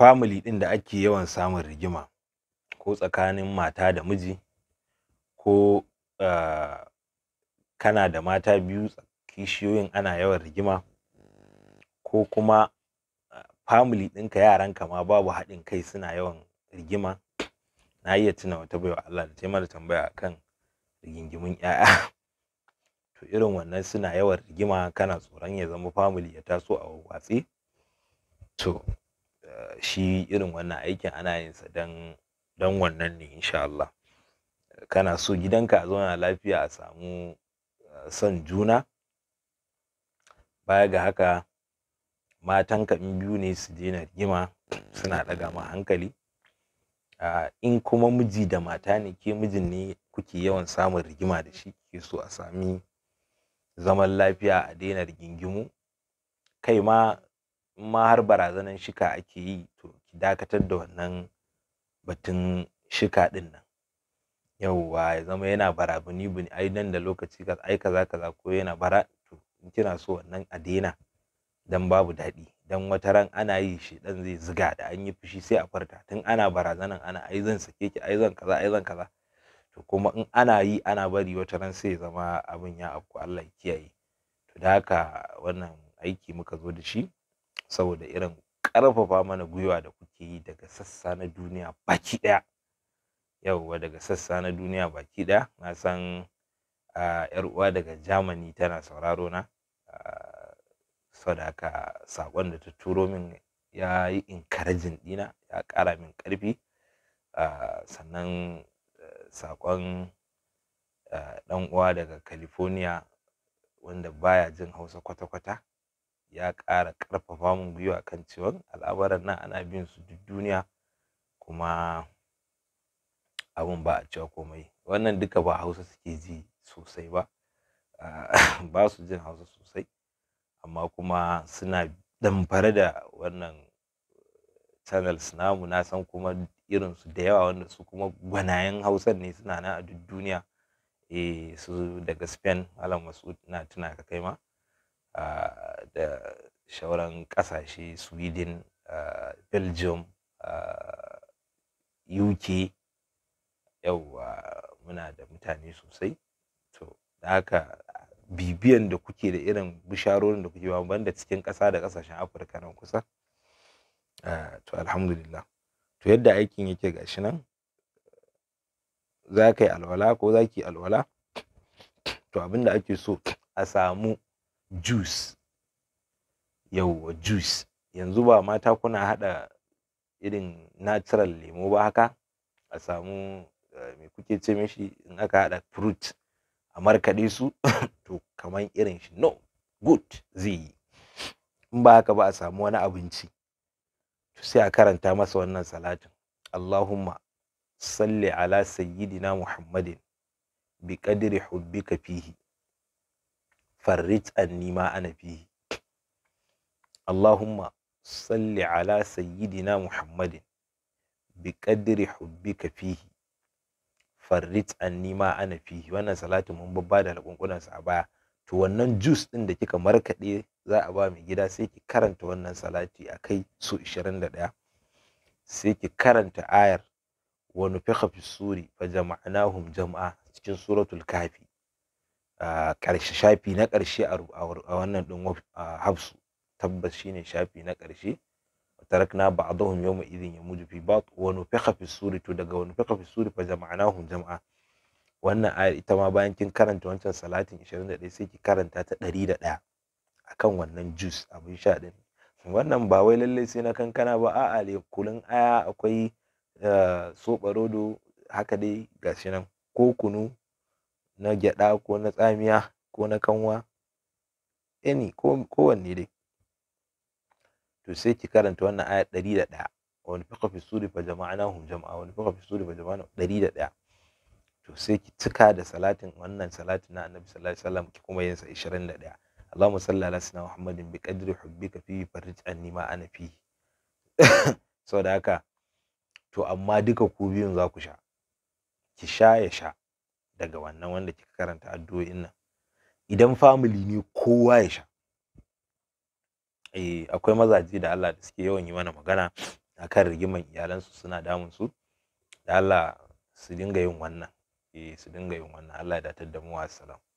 family ɗin da ake yawan samun rigima ko tsakanin mata da miji ko uh, kana da mata biyu kishiyoyin ana yawan rigima ko kuma uh, family ɗinka yaranka ma babu haɗin kai suna yawan rigima na iya tuna wata baiwa Allah da taimaka tambaya akan rigingimin yaya to irin wannan suna yawan rigima kana tsoron ya zama family ya taso a watsi to shi irin wannan aikin ana yin sa dan dan wannan ne insha Allah kana so gidanka a zauna lafiya a samu eh, son juna baya ga haka matan in biyu ne su daina rigima suna daga ma hankali ah, in kuma miji da mata ne ke mijin ne kuke yawan samun rigima da shi ke so a sami zaman lafiya a daina rigingimu kai ma in ma har barazanan shika ake yi to ki dakatar da wannan batun shika ɗin nan yauwa ya zama yana barabuni buni ai nan da lokaci kaza ai kaza kaza ko yana bara to in kina so wannan a daina dan babu daɗi dan wata ran ana yi shi ɗan zai ziga da an yi fushi sai a farta tun ana barazanan ana ai zan sake ki ai zan kaza ai zan kaza to kuma in ana yi ana bari wata ran sai zama abin ya afku Allah ya kiyaye to da haka wannan aiki muka zo da shi saboda irin ƙarfafa mana gwiwa da kuke yi daga sassa na duniya baki ɗaya yauwa daga sassa na duniya baki ɗaya na san yar uwa daga Jamani tana sauraro na saboda haka saƙon da ta turo min ya yi encouraging ɗina ya ƙara min ƙarfi sannan eh, saƙon eh, ɗan uwa daga California wanda baya jin Hausa kwata-kwata ya ƙara ƙarfafa min gwiwa kan cewa al'amuran nan ana bin su duk duniya kuma abun ba a cewa komai wannan duka ba hausa suke ji sosai ba ah, ba su jin hausa sosai amma kuma suna damfare da wannan channels namu na san kuma irin su da yawa wanda su kuma gwanayen hausan ne suna nan a duk duniya eh su daga spain malam masud na tuna ka kai ma ah, da shauran kasashe sweden uh, belgium uh, ah, uk yauwa muna da mutane sosai to da haka bibiyan da kuke da irin bisharorin da kuke ba banda cikin ƙasa da kasashen afirka nan kusa ah, to alhamdulillah to yadda aikin yake gashi nan za ka yi alwala ko za ki alwala to abinda ake so a samu juice yau juice yanzu ba mata kuna hada irin natural lemo ba haka a samu eh, me kuke ce mishi in aka hada fruit a markaɗe su to kaman irin shi no good zai yi in ba haka ba a samu wani abinci to sai a karanta masa wannan salatin Allahumma salli ala sayyidina Muhammadin bi qadri hubbika fihi farrit anni ma ana fihi Allahumma salli ala sayyidina Muhammadin bi qadri hubbika fihi farrit annima ma ana fihi wannan salatu mun babba da alƙunƙunan a baya to wannan juice din da kika markaɗe za a ba mai gida sai ki karanta wannan salati a kai su 21 sai ki karanta ayar wa nufiha fi suri fa jama'nahum jam'a cikin suratul kafi ah, shafi na ƙarshe a wannan din hafsu tabbas shine shafi na ƙarshe tarakna ba'dahum yawma idhin yamuju fi ba'd wa nufikha fi suri to daga wani nufikha fi suri fa jama'nahum jama'a wannan ayar ita ma bayan kin karanta wancan salatin 21 sai ki karanta ta 101 akan wannan jus abin sha ɗin. wannan ba wai lallai sai na kankana ba a'a le kulun aya akwai eh, soɓarodo haka dai ga shi nan ko kunu na gyada ko na tsamiya ko na kanwa any kowanne dai to sai ki karanta wannan aya 101 wa nufiqa fi suri fa jama'nahum jama'a wa nufiqa fi suri fa jama'nahum 101 to sai ki cika da salatin wannan salatin na annabi sallallahu alaihi wasallam ki kuma yin sa 21 Allahumma salli ala sayyidina Muhammadin bi qadri hubbika fi farij anni ma ana fi saboda haka to amma duka ku biyun za ku sha ki sha ya sha daga wannan wanda kika karanta addu'o'in nan idan family ne kowa ya sha Eh, akwai mazaje da Allah da suke yawan yi mana magana akan rigiman iyalansu suna damun su da Allah su dinga yin wannan eh, su dinga yin wannan Allah ya datar da mu assalamu